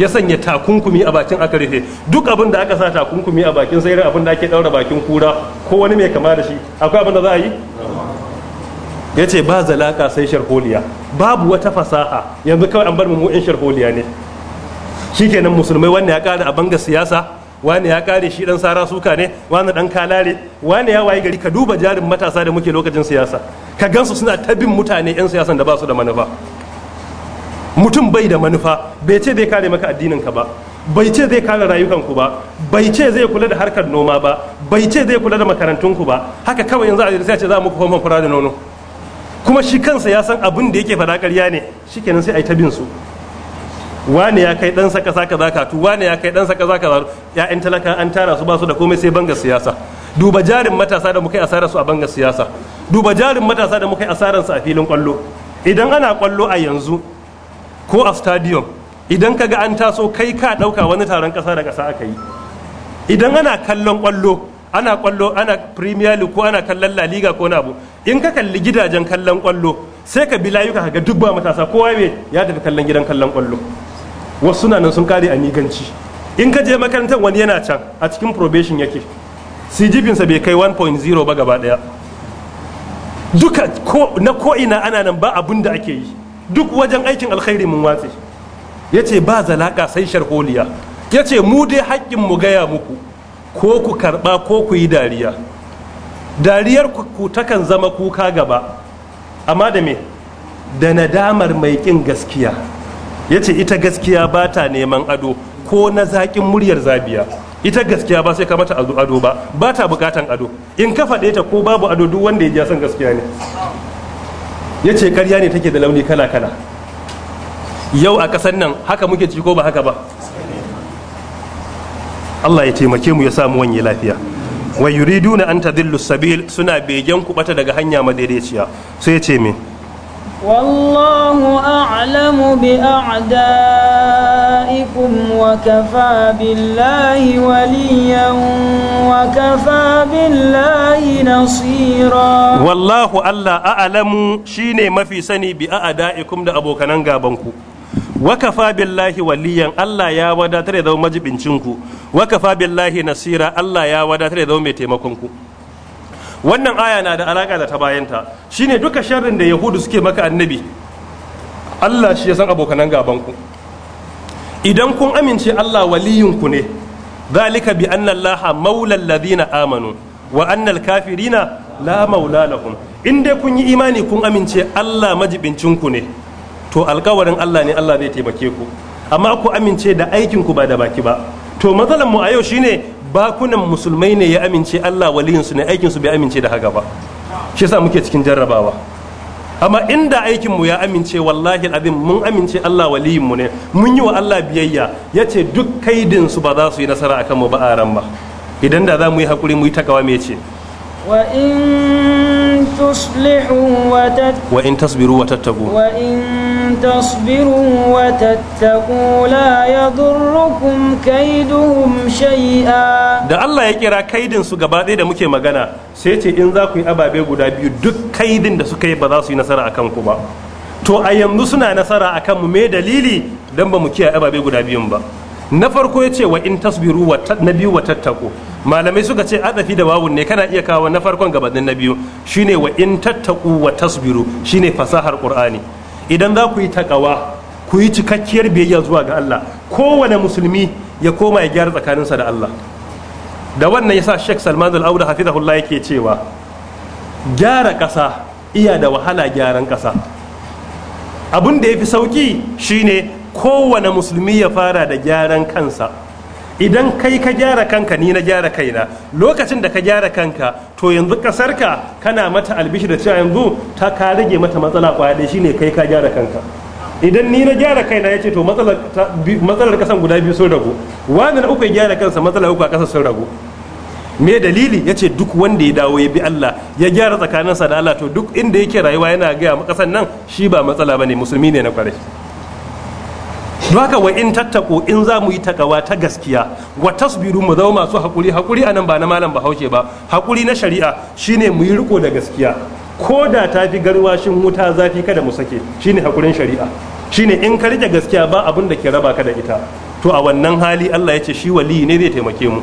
ya sanya takunkumi a bakin aka rufe duk abin da aka sa takunkumi a bakin sai abin da ake daura bakin kura ko wani mai kama da shi akwai abin da za a yi ya ce ba zalaka sai sharholiya babu wata fasaha yanzu kawai an bar mu in sharholiya ne shikenan musulmai wanda ya kare a banga siyasa wani ya kare shi dan sara suka ne wani dan kalare wani ya wayi gari ka duba jarin matasa da muke lokacin siyasa ka gansu suna ta bin mutane yan siyasan da ba su da manufa mutum bai da manufa bai ce zai kare maka addinin ka ba bai ce zai kare rayukanku ba bai ce zai kula da harkar noma ba bai ce zai kula da makarantunku ba haka kawai yanzu a sai ce za muku famfan fura da nono kuma shi kansa ya san abin da yake fada ƙarya ne shikenan sai a yi ta bin su wane ya kai ɗansa kaza kaza katu wane ya kai ɗansa kaza kaza ya'yan talaka an tara su ba su da komai sai banga siyasa duba jarin matasa da muka yi asarar a banga siyasa duba jarin matasa da muka yi asarar su a filin kwallo idan ana kwallo a yanzu ko a stadium idan ka ga an taso kai ka ɗauka wani taron ƙasa da ƙasa aka yi idan ana kallon ƙwallo ana ƙwallo ana premier league ko ana kallon la liga ko abu in ka kalli gidajen kallon ƙwallo sai ka bi layuka ga duk ba matasa kowa me ya tafi kallon gidan kallon ƙwallo wasu na nan sun kare a in ka je makarantar wani yana can a cikin probation yake cgpinsa bai kai 1.0 ba gaba ɗaya duka na ko'ina ana nan ba abin da ake yi duk wajen aikin alkhairi mun watse ya ce ba zalaka sai sharholiya ya ce mu dai haƙƙin mu gaya muku ko ku karɓa ko ku yi dariya dariyar ku takan zama kuka gaba amma da me da nadamar mai ƙin gaskiya ya ce ita gaskiya ba ta neman ado ko na zaƙin muryar zabiya ita gaskiya ba sai ka mata ado ba ba ta buƙatan ado in ka faɗe ta ko babu ado duk wanda ya san gaskiya ne ya ce karya ne take da launi kala kala yau a ƙasar nan haka muke ci ko ba haka ba Allah ya taimake mu ya samu wanye lafiya wa na an tadillu sabil suna begen kubata daga hanya madaidaiciya sai ya ce me والله أعلم بأعدائكم وكفى بالله وليا وكفى بالله نصيرا والله الله أعلم شيني ما في سني بأعدائكم لأبو كننغا بنكو wakafa billahi waliyan Allah ya wadatar da zama majibincinku wakafa billahi nasira Allah ya wadatar da zama mai taimakonku ku wannan aya na da alaka da ta bayanta shine duka sharrin da yahudu suke maka annabi Allah shi ya san abokanan gaban ku idan kun amince Allah ku ne zalika bi anna Allah maula amanu wa anna kafirina la maula lahum in dai kun yi imani kun amince Allah majibincin ku ne to alkawarin Allah ne Allah zai taimake ku amma ku amince da aikinku ba da baki ba to matsalan mu a yau shine bakunan musulmai ne ya amince Allah waliyinsu ne aikinsu bai amince da haka ba shi yasa muke cikin jarrabawa amma inda aikinmu ya amince wallahi abin mun amince Allah waliyinmu ne mun yi wa Allah biyayya ya ce duk kaidinsu ba za su yi nasara a kanmu ba a ran ba idan da za mu yi hakuri mu yi takawa mai ce wa in تصلحوا وتتقوا وإن تصبروا وتتقوا وإن تصبروا وتتقوا لا يضركم كيدهم شيئا da Allah ya kira kaidin su gaba ɗaya da muke magana sai ce in za ku yi ababe guda biyu duk kaidin da suka yi ba za su yi nasara akan ku ba to a yanzu suna nasara akan mu me dalili dan ba mu kiyaye ababe guda biyun ba na farko ya ce wa in tasbiru na biyu wa tattaku malamai suka ce adafi da wawun ne kana iya kawo na farkon gabanin na biyu shine wa in tattaku wa tasbiru shine fasahar qur'ani idan za ku yi takawa ku yi cikakkiyar biyayya zuwa ga Allah kowane musulmi ya koma ya gyara tsakaninsa da Allah da wannan yasa Sheikh Salman Al-Auda hafizahullah yake cewa gyara ƙasa iya da wahala gyaran ƙasa abin da ya fi sauƙi shine kowane musulmi ya fara da gyaran kansa idan kai ka gyara kanka ni na gyara kaina lokacin da ka gyara kanka to yanzu kasarka kana mata albishi da cewa yanzu ta ka rage mata matsala kwaya ne kai ka gyara kanka idan ni na gyara kaina ya ce to matsalar kasan guda biyu sun ragu wani na uku ya gyara kansa matsala uku a kasa sun ragu me dalili ya ce duk wanda ya dawo ya bi Allah ya gyara tsakaninsa da Allah to duk inda yake rayuwa yana gaya kasan nan shi ba matsala bane musulmi ne na kwarai don haka wa in tattako in za mu yi takawa ta gaskiya wa tasbiru mu zama masu hakuri hakuri anan ba na malam bahaushe ba hakuri na shari'a shine mu yi riko da gaskiya ko da ta fi garwashin wuta zafi kada mu sake shine hakurin shari'a shine in ka rike gaskiya ba abin da ke raba ka da ita to a wannan hali Allah ya ce shi wali ne zai taimake mu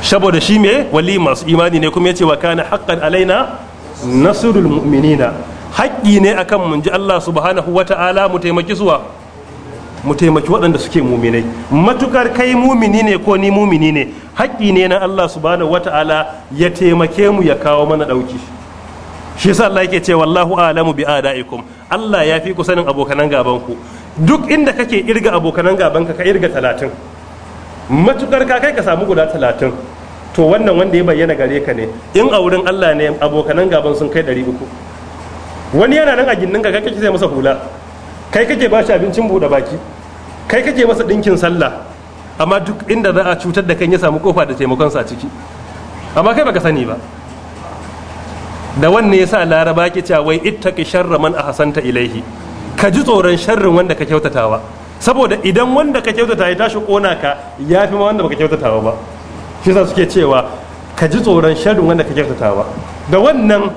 saboda shi me wali masu imani ne kuma ya ce wa kana haqqan alaina nasrul mu'minina haƙƙi ne akan mun ji Allah subhanahu wata'ala mu taimaki suwa mu taimaki waɗanda suke muminai matukar kai mumini ne ko ni mumini ne haƙƙi ne na Allah subhanahu wata'ala ya taimake mu ya kawo mana ɗauki shi yasa Allah yake ce wallahu a'lamu bi adaikum Allah ya fi ku sanin abokanan gaban ku duk inda kake irga abokanan gaban ka ka irga talatin matukar ka kai ka samu guda talatin to wannan wanda ya bayyana gare ka ne in a wurin Allah ne abokanan gaban sun kai 300 wani yana nan a ginnin ka kake ce masa hula kai kake ba shi abincin buɗe baki kai kake masa ɗinkin sallah amma duk inda za a cutar da kan ya samu kofa da taimakon a ciki amma kai baka sani ba da wanne yasa laraba ke cewa wai ittaqi sharra man ahsanta ilaihi ka ji tsoron sharrin wanda ka kyautatawa saboda idan wanda ka kyautata ya tashi kona ka yafi ma wanda baka kyautatawa ba shi yasa suke cewa ka ji tsoron sharrin wanda ka kyautatawa da wannan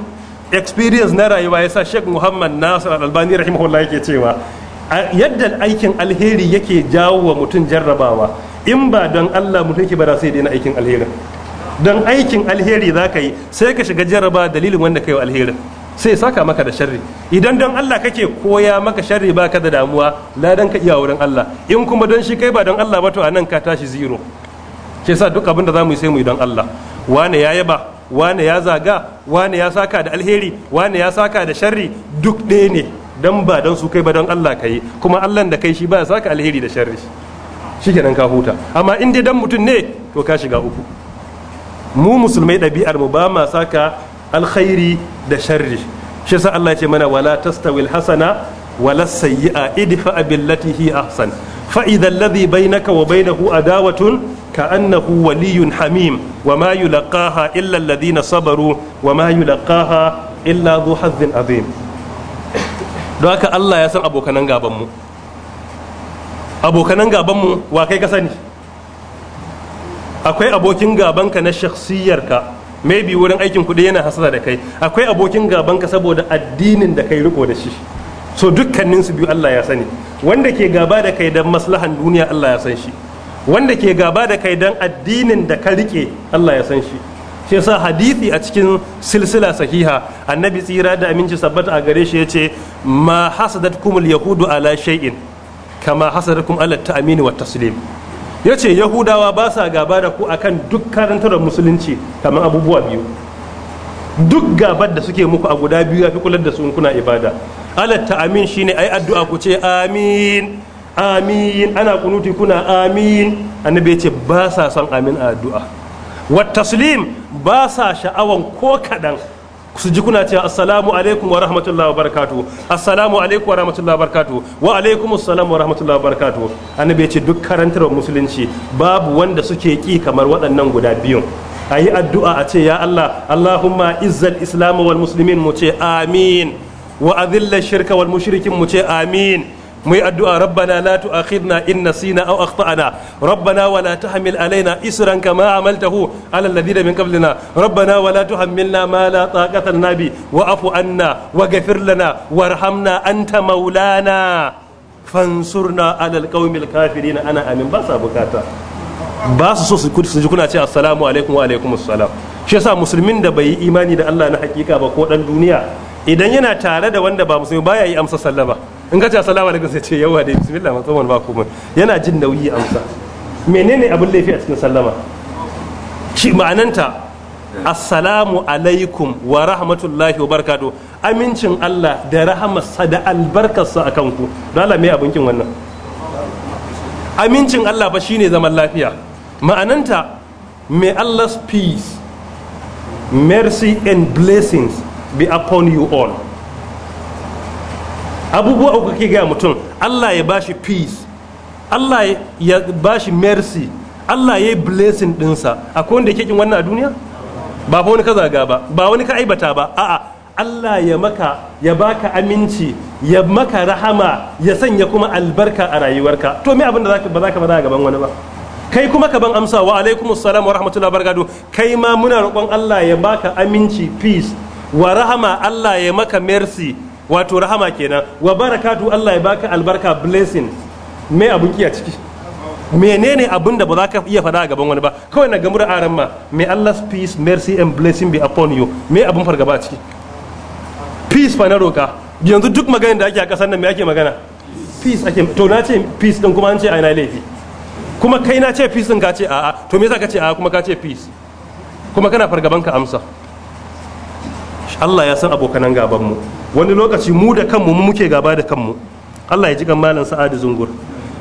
experience na rayuwa ya sa Sheikh Muhammad Nasir Al-Albani rahimahullah yake cewa yadda aikin alheri yake jawo wa mutum jarrabawa in ba don Allah mutum yake ba sai daina aikin alherin don aikin alheri za ka yi sai ka shiga jarraba dalilin wanda ka yi alherin sai saka maka da sharri idan don Allah kake koya maka sharri ba ka da damuwa ladan ka iya wurin Allah in kuma don shi kai ba don Allah ba to anan ka tashi zero ke sa duk abin da za mu yi sai mu yi don Allah wane ya yaba wane ya zaga wane ya saka da alheri wane ya saka da sharri duk ɗaya ne don ba don su kai ba don Allah ka yi kuma Allah da kai shi ba ya saka alheri da sharri shikenan ka huta amma in dai dan mutum ne to ka shiga uku mu musulmai ɗabi'ar mu ba ma saka alkhairi da sharri shi sa Allah ya ce mana wala tastawil hasana wala sayyi'a idfa billati hi ahsan fa idha alladhi bainaka wa bainahu adawatun كأنه ولي حميم وما يلقاها إلا الذين صبروا وما يلقاها إلا ذو حظ عظيم don haka Allah ya san abokanan gabanmu abokanan mu wa kai ka sani akwai abokin gabanka na shakhsiyarka maybe wurin aikin kuɗi yana hasara da kai akwai abokin gabanka saboda addinin da kai riko da shi so dukkaninsu biyu Allah ya sani wanda ke gaba da kai da maslahan duniya Allah ya san shi wanda ke gaba da kai don addinin da ka rike Allah ya san shi shi sa hadithi a cikin silsila sahiha annabi tsira da aminci sabbata a gare shi ya ce ma kumul yahudu ala shay'in kama Allah ala amini wa taslim Ya ce yahudawa ba sa gaba da ku akan duk karantar musulunci kamar abubuwa biyu duk gabar da suke muku a guda biyu ya fi kula da su kuna ibada Allah ta amin shine ai addu'a ku ce amin amin ana kunuti kuna amin annabi ya ce ba sa son amin a addu'a wa taslim ba sa sha'awan ko kaɗan su ji kuna cewa assalamu alaikum wa rahmatullahi wa barakatuhu assalamu alaikum wa rahmatullahi wa barakatuhu wa alaikum assalam wa rahmatullahi wa barakatuhu annabi ya ce duk karantarwar musulunci babu wanda suke ki kamar waɗannan guda biyun a yi addu'a a ce ya Allah Allahumma izzal islamu wal muslimin mu ce amin wa azilla shirka wal mushrikin mu ce amin mu yi addu'a rabbana la tu'akhidna in nasina aw akhtana rabbana wala tahmil alaina isran kama amaltahu ala alladhina min qablina rabbana wala tuhammilna ma la taqata lana bi wa'fu anna waghfir lana warhamna anta maulana fansurna ala alqawmil kafirin ana amin ba sa bukata ba su so su ji kuna ce assalamu alaikum wa alaikum assalam shi yasa musulmin da bai yi imani da Allah na hakika ba ko dan duniya idan yana tare da wanda ba musulmi baya yi amsa sallama in ka ce assalamu alaikum sai ce yawa dai bismillah ma tsohon ba komai yana jin nauyi amsa menene abin laifi a cikin sallama shi ma'ananta assalamu alaikum wa rahmatullahi wa barakatuh amincin Allah da rahamarsa da albarkarsa a kanku don Allah mai abinkin wannan amincin Allah ba shine zaman lafiya ma'ananta may Allah's peace mercy and blessings be upon you all abubuwa uku kake gaya mutum Allah ya bashi peace Allah ya bashi mercy Allah ya yi blessing dinsa akwai wanda yake kin wannan a duniya ba fa wani ka zaga ba ba wani ka aibata ba a'a Allah ya maka ya baka aminci ya maka rahama ya sanya kuma albarka a rayuwarka to me abin da zaka ba zaka ba gaban wani ba kai kuma ka ban amsa wa alaikum assalam wa rahmatullahi barakatuh kai ma muna roƙon Allah ya baka aminci peace wa rahama Allah ya maka mercy wato rahama kenan wa barakatu Allah ya baka albarka blessing me abun kiya ciki menene abin da ba za ka iya faɗa a gaban wani ba kawai na gamu aran ma may Allah's peace mercy and blessing be upon you me abun fargaba a ciki peace fa na roka yanzu duk maganin da ake a kasar nan me ake magana peace ake to na ce peace din kuma an ce ina laifi kuma kai na ce peace din ka ce a'a to me yasa ka ce a'a kuma ka ce peace kuma kana fargaban ka amsa Allah ya san abokanan gaban mu wani lokaci mu da kanmu mu muke gaba da kanmu Allah ya ji kan malam Sa'adu Zungur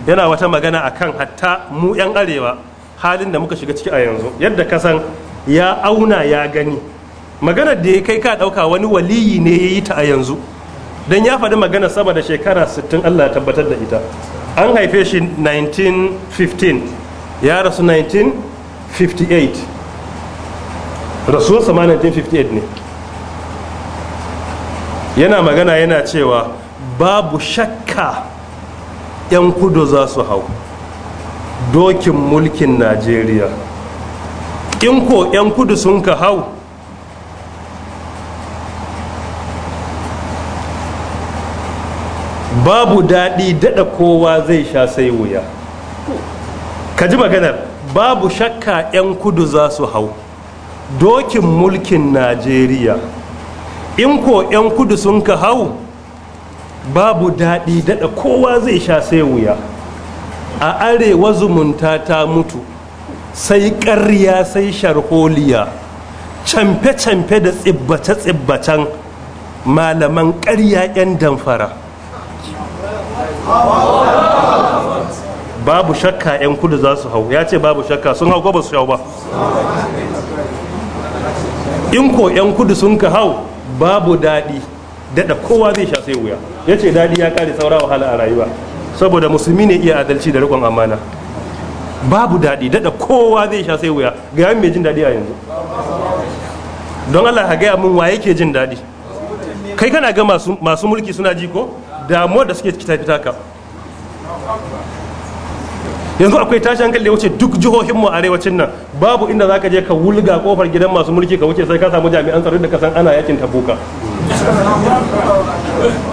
yana wata magana akan hatta mu yan arewa halin da muka shiga ciki a yanzu yadda ka san ya auna ya gani maganar da ya kai ka dauka wani waliyi ne ya yi ta a yanzu dan ya faɗi magana sama da shekara 60 Allah ya tabbatar da ita an haife shi 1915 ya rasu 1958 rasuwarsa ma 1958 ne yana magana yana cewa babu shakka 'yan kudu za su hau dokin mulkin najeriya in ko 'yan kudu sun ka hau babu daɗi daɗa kowa zai sha sai wuya ka ji maganar babu shakka 'yan kudu za su hau dokin mulkin najeriya in ko 'yan kudu sun ka hau babu daɗi daɗa kowa zai sha sai wuya a arewa zumunta ta mutu sai ƙarya sai sharholiya camfe-camfe da tsibbace-tsibbacen malaman ƙarya 'yan damfara babu shakka 'yan kudu za su hau ya ce babu shakka sun hau ba su yau ba in ko 'yan kudu sun ka hau babu daɗi daɗa kowa zai sha sai wuya ya ce daɗi ya ƙare saura wahala a rayuwa saboda musulmi ne iya adalci da riƙon amana babu daɗi daɗa kowa zai sha sai wuya ga yawan mai jin daɗi a yanzu don allah ha gaya mun wa yake jin daɗi kai kana ga masu mulki suna ji ko damuwar da suke fita fita yanzu akwai tashi hankali da wuce duk jihohin mu arewacin nan babu inda zaka je ka wulga kofar gidan masu mulki ka wuce sai ka samu jami'an tsaro da kasan ana yakin tabuka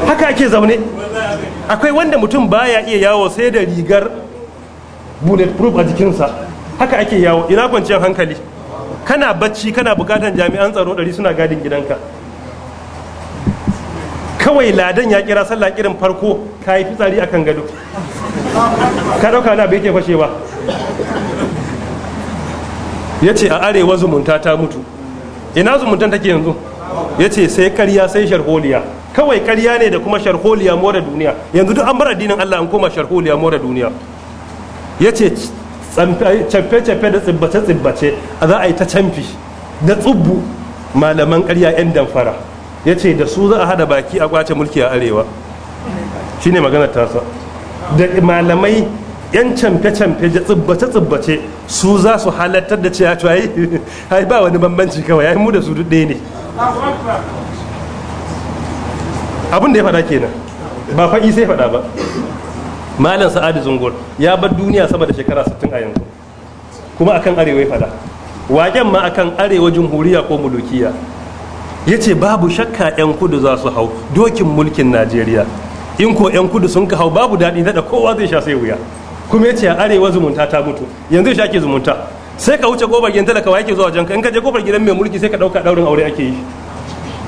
haka ake zaune akwai wanda mutum baya iya yawo sai da rigar bulletproof a jikinsa haka ake yawo ina kwanciyar hankali kana bacci kana bukatan jami'an tsaro ɗari suna gadin gidanka kawai ladan ya kira sallah kirin farko ka yi fitsari a kan gado ka ɗauka na bai ke fashe ya ce a arewa zumunta ta mutu ina zumuntan take yanzu ya ce sai karya sai sharholiya kawai karya ne da kuma sharholiya more duniya yanzu duk an bar addinin allah an koma sharholiya more duniya ya ce canfe-canfe da tsibbace-tsibbace a za a yi ta canfi da tsubbu malaman karya 'yan damfara ya ce da su za a hada baki a kwace mulki a arewa Shi ne magana tasa da malamai yan camfe-camfe tsibbace-tsibbace su za su halartar da ya cewa yi ba wani bambanci kawai ya yi mu da su ɗaya ne abin da ya faɗa kenan ba fa'i sai faɗa ba malam sa'adu zungur ya bar duniya sama da shekara 60 a yanzu kuma akan arewa ya faɗa waken ma akan arewa jamhuriya ko mulukiya ya ce babu shakka 'yan kudu za su hau dokin mulkin najeriya in ko yan kudu sun ka hau babu daɗi daɗa kowa zai sha sai wuya kuma ya ce a arewa zumunta ta mutu yanzu sha ke zumunta sai ka wuce gobar gidan talaka yake zuwa wajen ka in ka je gobar gidan mai mulki sai ka ɗauka ɗaurin aure ake yi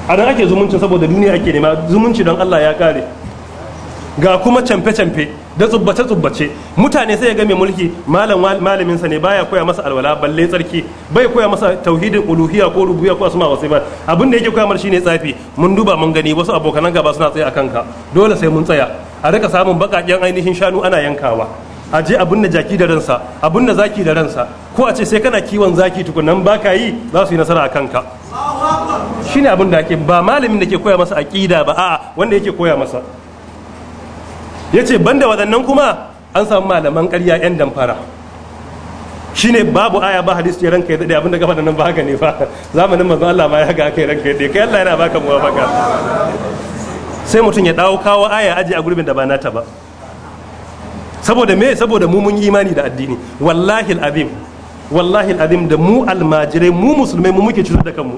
a nan ake zumuncin saboda duniya ake nema zumunci don allah ya kare ga kuma camfe-camfe da tsubbace tsubbace mutane sai ya ga mai mulki malamin sa ne baya koya masa alwala balle tsarki bai koya masa tauhidin uluhiyya ko rububiyya ko asma wa ba abin da yake koya mar shine tsafi mun duba mun gani wasu abokanan gaba suna tsaye akan ka dole sai mun tsaya a rika samun bakaken ainihin shanu ana yankawa a je abin da jaki da ransa abin da zaki da ransa ko a ce sai kana kiwon zaki tukun nan baka yi za su yi nasara a kanka shine abin da ake ba malamin da ke koya masa aqida ba a'a wanda yake koya masa ya ce banda waɗannan kuma an samu malaman ƙarya 'yan damfara shine babu aya ba hadis ce ranka ya daɗe abinda gaba da nan ba haka ne fa zamanin mazan Allah ma ya ga kai ranka ya daɗe kai Allah yana baka baka sai mutum ya dawo kawo aya aji a gurbin da ba nata ba saboda me saboda mu mun imani da addini wallahi al-azim wallahi al-azim da mu almajirai mu musulmai mu muke cutar da kanmu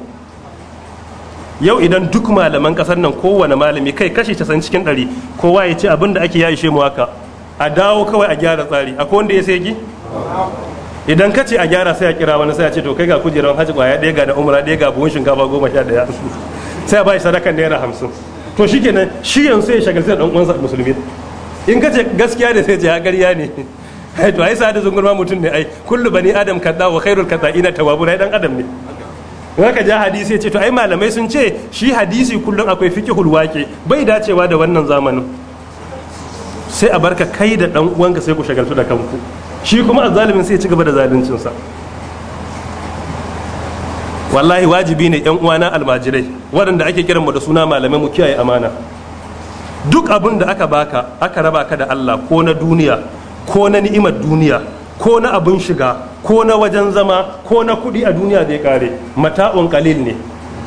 yau idan duk malaman kasar nan kowane malami kai kashi casan cikin ɗari kowa ya ce abin da ake yayi mu haka a dawo kawai a gyara tsari a wanda ya sai idan ka ce a gyara sai a kira wani sai a ce to kai ga kujerar hajji kwaya ɗaya ga da umra ɗaya ga buhun shinkafa goma sha ɗaya sai a bai sadakan naira hamsin to shi kenan shi yanzu ya shagalci da ɗan uwansa musulmi in ka ce gaskiya ne sai ce ya ƙarya ne to ai sa'adu da zungurma mutum ne ai kullu bani adam kadda wa khairul kadda ina tawabu dai dan adam ne in ja hadisi ya ce to ai malamai sun ce shi hadisi kullum akwai fikihul wake bai dacewa da wannan zamanin sai a barka kai da dan uwanka sai ku shagaltu da kanku shi kuma azzalimin sai ya ci gaba da zaluncinsa wallahi wajibi ne yan uwana almajirai waɗanda ake kiran mu da suna malamai mu kiyaye amana duk abin da aka baka aka raba ka da Allah ko na duniya ko na ni'imar duniya ko na abin shiga ko na wajen zama ko na kuɗi a duniya zai kare mata'un kalil ne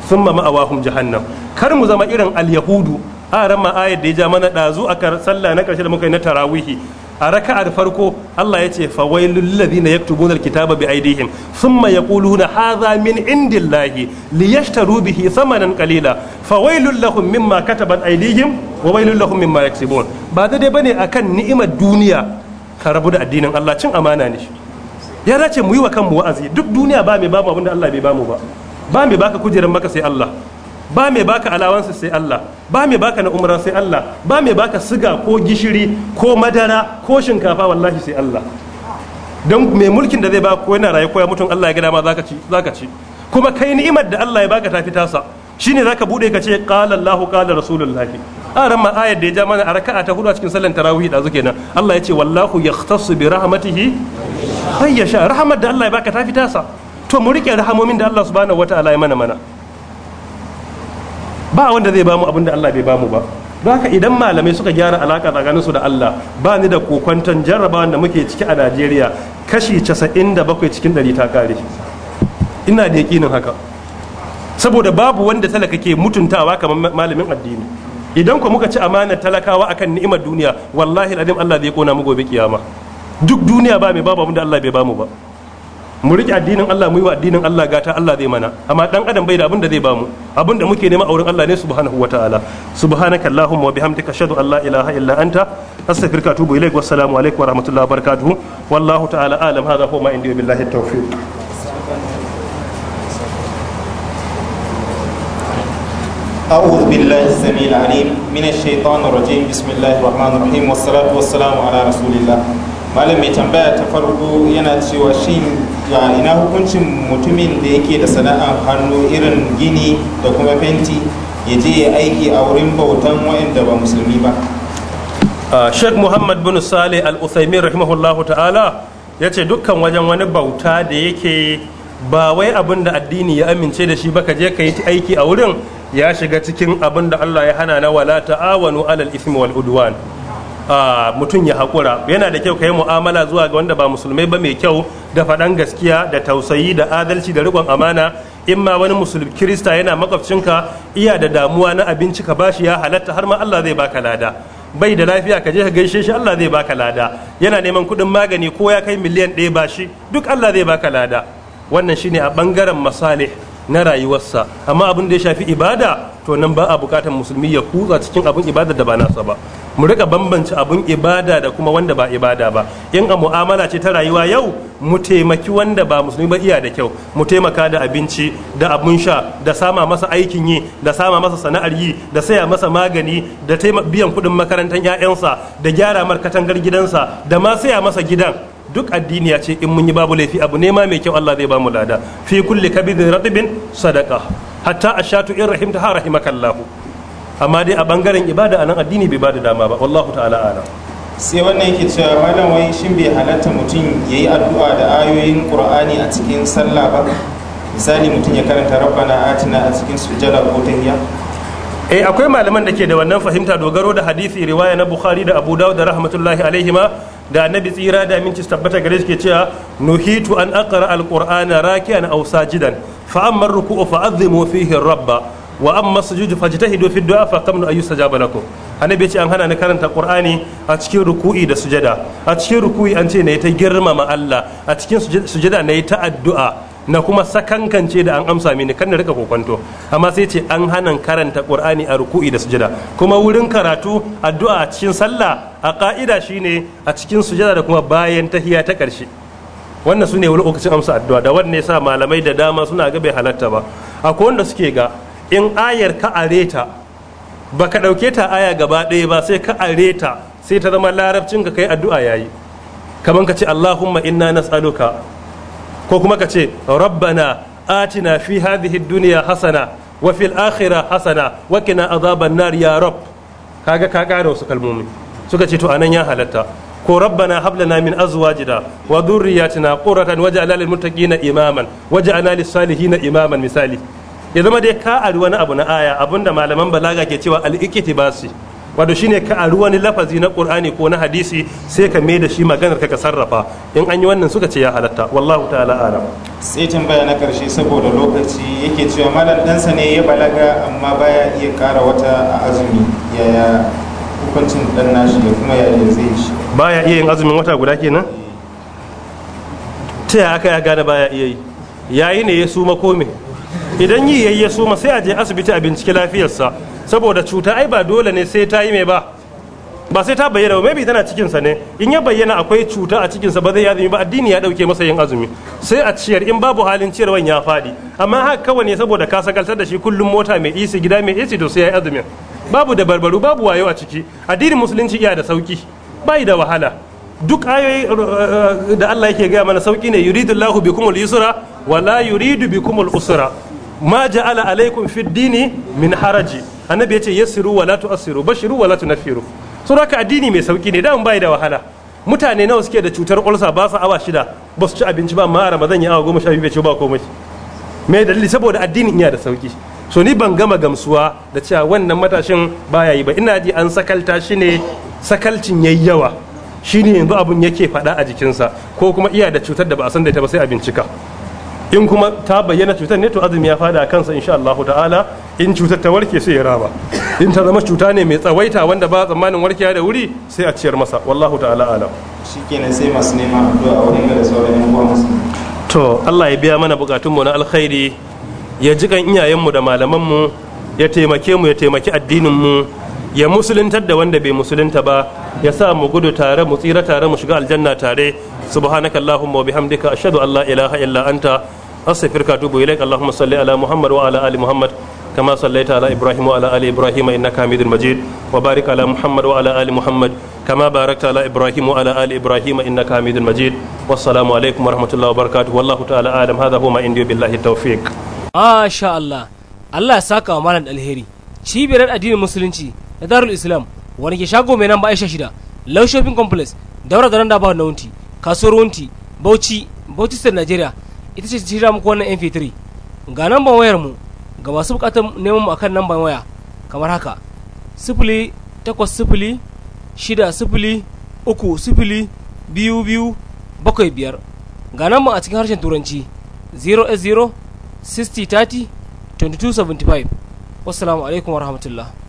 sun ma wahum jahannam kar mu zama irin alyahudu yahudu a ramma ayar da ya ja mana ɗazu a sallah na ƙarshe da muka yi na tarawihi a raka'ar farko Allah ya ce fawailul ladina yaktubuna alkitaba bi aydihim thumma yaquluna hadha min indillahi liyashtaru bihi thamanan qalila fawailul lahum mimma katabat aidihim wa wailul lahum mimma yaksibun ba da dai bane akan ni'imar duniya ka rabu da addinin Allah cin amana ne ya dace mu yi wa kanmu wa'azi duk duniya ba mai babu abinda Allah bai bamu ba ba mai baka kujerar maka sai Allah ba mai baka alawansa sai Allah ba mai baka na umra sai Allah ba mai baka siga ko gishiri ko madara ko shinkafa wallahi sai Allah don mai mulkin da zai ba ko yana rayu ko ya mutum Allah ya ga dama zaka ci ci kuma kai ni'imar da Allah ya baka ta tafi tasa shine zaka bude ka ce qala Allahu qala rasulullahi a ran ma ayar da ya ja mana a raka'a ta hudu a cikin sallan tarawih da zuke nan Allah ya ce wallahu yahtassu bi rahmatihi ay rahmat da Allah ya baka ta fita sa to mu rike rahamomin da Allah subhanahu wataala ya mana mana ba wanda zai bamu abin da Allah bai bamu ba don haka idan malamai suka gyara alaka tsakanin su da Allah ba ni da kokwanton jarraba da muke ciki a Najeriya kashi 97 cikin 100 ta kare ina da yakinin haka saboda babu wanda talaka ke mutuntawa kamar malamin addini idan ku muka ci amana talakawa akan ni'imar duniya wallahi alazim Allah zai kona mu gobe kiyama duk duniya ba mai babu abinda Allah bai bamu ba mu riƙe addinin Allah mu yi wa addinin Allah gata Allah zai mana amma dan adam bai da abin da zai bamu abin da muke nema a wurin Allah ne subhanahu wataala subhanaka allahumma wa bihamdika ashhadu an la ilaha illa anta astaghfiruka wa atubu ilaik assalamu alaikum wa rahmatullahi wa barakatuh wallahu ta'ala alam hadha huwa ma indi billahi tawfiq أعوذ بالله السميع العليم من الشيطان الرجيم بسم الله الرحمن الرحيم والصلاة والسلام على رسول الله malam mai tambaya ta farko yana cewa shi ga ina hukuncin mutumin da yake da sana'ar hannu irin gini da kuma fenti ya je ya aiki a wurin bautan wa'anda ba musulmi ba ah, sheikh muhammad bin saleh al-uthaymin rahimahullahu ta'ala ya ce dukkan wajen wani bauta da yake ba wai abin da addini ya amince da shi ba ka je ka yi aiki a wurin ya shiga cikin abin da Allah ya hana na wala ta'awanu alal ismi wal udwan ah, mutum ya haƙura yana da kyau ka yi mu'amala zuwa ga wanda ba musulmai ba mai kyau da faɗan gaskiya da tausayi da adalci da riƙon amana in ma wani musulmi kirista yana makwabcinka iya da damuwa na abinci ka bashi ya halatta har ma Allah zai baka lada bai da lafiya ka je ka gaishe shi Allah zai baka lada yana neman kuɗin magani ko ya kai miliyan ɗaya bashi duk Allah zai baka lada wannan shine a ɓangaren masalih na rayuwarsa amma abin da ya shafi ibada to nan ba a bukatar musulmi ya kutsa cikin abin ibada da ba nasa ba mu rika bambance abin ibada da kuma wanda ba ibada ba in a mu'amala ce ta rayuwa yau mu taimaki wanda ba musulmi ba iya da kyau mu taimaka da abinci da abun sha da sama masa aikin yi da sama masa sana'ar yi da saya masa magani da biyan kuɗin makarantar 'ya'yansa da gyara markatangar gidansa da ma saya masa gidan duk addini ya ce in mun yi babu laifi abu nema mai kyau Allah zai ba mu lada fi kulli kabidin radibin sadaka hatta ashatu in rahimta ha rahimakallahu amma dai a bangaren ibada a nan addini bai bada dama ba wallahu ta'ala ala sai wannan yake cewa malam wai shin bai halatta mutum ya yi addu'a da ayoyin qur'ani a cikin sallah ba misali mutum ya karanta rabbana atina a cikin sujada ko tahiyya eh akwai malaman da ke da wannan fahimta dogaro da hadisi riwaya na bukhari da abu dawud da rahmatullahi alaihima da annabi tsira da aminci tabbata gare shi cewa nuhitu an aqra alqur'ana raki'an aw sajidan fa amma ruku'u fa azimu fihi rabba wa amma sujudu fajtahidu fi du'a fa kamnu ayu sajaba lakum annabi ya ce an hana ni karanta qur'ani a cikin ruku'i da sujada a cikin ruku'i an ce ne ta girmama Allah a cikin sujada ne ta addu'a na kuma sakankance da an amsa mini kan da rika kokonto amma sai ce an hanan karanta qur'ani a ruku'i da sujada kuma wurin karatu addu'a a cikin sallah a ka'ida shine a cikin sujada da kuma bayan tahiya ta karshe wannan su ne lokacin amsa addu'a da wannan yasa malamai da dama suna ga bai halatta ba akwai wanda suke ga in ayar ka areta baka dauke ta aya gaba ɗaya ba sai ka areta sai ta zama larabcin ka kai addu'a yayi kaman ka ce Allahumma inna nas'aluka ko kuma ka ce rabbana atina fi hadhihi dunya hasana wa fil akhirah hasana wa qina azaban nar ya rabb kaga ka kara wasu kalmomi suka ce to anan ya halatta ko rabbana hab lana min azwajina wa dhurriyyatina qurratan waj'alna lil muttaqina imaman waj'alna lis salihina imaman misali ya zama dai ka ari wani abu na aya abinda malaman balaga ke cewa al basi wato shine ka a wani lafazi na qur'ani ko na hadisi sai ka mai da shi maganar ka sarrafa in an yi wannan suka ce ya halatta wallahu ta'ala alam sai tambaya na karshe saboda lokaci yake cewa malam ɗansa ne ya balaga amma baya iya kara wata azumi yaya hukuncin dan nashi ya kuma yaya zai shi baya iya yin azumin wata guda kenan ta ya aka ya gane baya iya yi yayi ne ya suma kome idan yi yayi ya suma sai a je asibiti a bincike lafiyarsa saboda cuta ai ba dole ne sai ta yi mai ba ba sai ta bayyana ba maybe tana sa ne in ya bayyana akwai cuta a cikin sa ba zai yi azumi ba addini ya dauke masa yin azumi sai a ciyar in babu halin ciyarwan ya fadi amma haka kawai ne saboda ka sakaltar da shi kullum mota mai isi gida mai isi to sai ya yi azumi. babu da barbaru babu wayo a ciki addinin musulunci iya da sauki bai da wahala duk ayoyi uh, uh, da Allah yake gaya mana sauki ne yuridu Allahu bikumul yusra wala yuridu bikumul usra ma ja'ala alaikum fid dini min haraji annabi ya ce yassiru wala tu'assiru bashiru wala tunaffiru so haka addini mai sauki ne mun bai da wahala mutane nawa suke da cutar ulsa ba su awa shida ba su ci abinci ba amma a ramadan ya awa goma sha biyu bai ci ba komai me dalili saboda addinin iya da sauki so ni ban gama gamsuwa da cewa wannan matashin baya yi ba ina ji an sakalta shi ne sakalcin yayi yawa shine yanzu abun yake faɗa a jikinsa ko kuma iya da cutar da ba a san da ita ba sai a bincika in kuma ta bayyana cutar ne to azumi ya fada kansa insha Allah ta'ala in cutar ta warke sai ya raba in ta zama cuta ne mai tsawaita wanda ba tsammanin warke da wuri sai a ciyar masa wallahu ta'ala alam shikenan sai masu neman addu'a wurin ga da sauran yan uwa to Allah ya biya mana bukatun mu na alkhairi ya jikan iyayen mu da malaman mu ya taimake mu ya taimaki addinin mu ya musuluntar da wanda bai musulunta ba ya sa mu gudu tare mu tsira tare mu shiga aljanna tare allahumma wa bihamdika ashhadu an la ilaha illa anta astaghfiruka wa atubu ilaik allahumma salli ala muhammad wa ala ali muhammad كما صليت على ابراهيم وعلى ال ابراهيم انك حميد مجيد وبارك على محمد وعلى ال محمد كما باركت على ابراهيم وعلى ال ابراهيم انك حميد مجيد والسلام عليكم ورحمه الله وبركاته والله تعالى اعلم هذا هو ما عندي بالله التوفيق ما شاء الله الله ساكا ومالا الهيري شيبر الدين musulunci دار الاسلام islam شاغو ke shago mai nan ba aisha shida low shopping complex daura da nan da ba ita ce shirya muku wannan mp3 ga nan namban wayar mu ga masu bukatar neman mu akan namban waya kamar haka sifili takwas sifili shida sifili uku sifili biyu biyu bakwai biyar ga namban a cikin harshen turanci 080 60 30 22 75 alaikum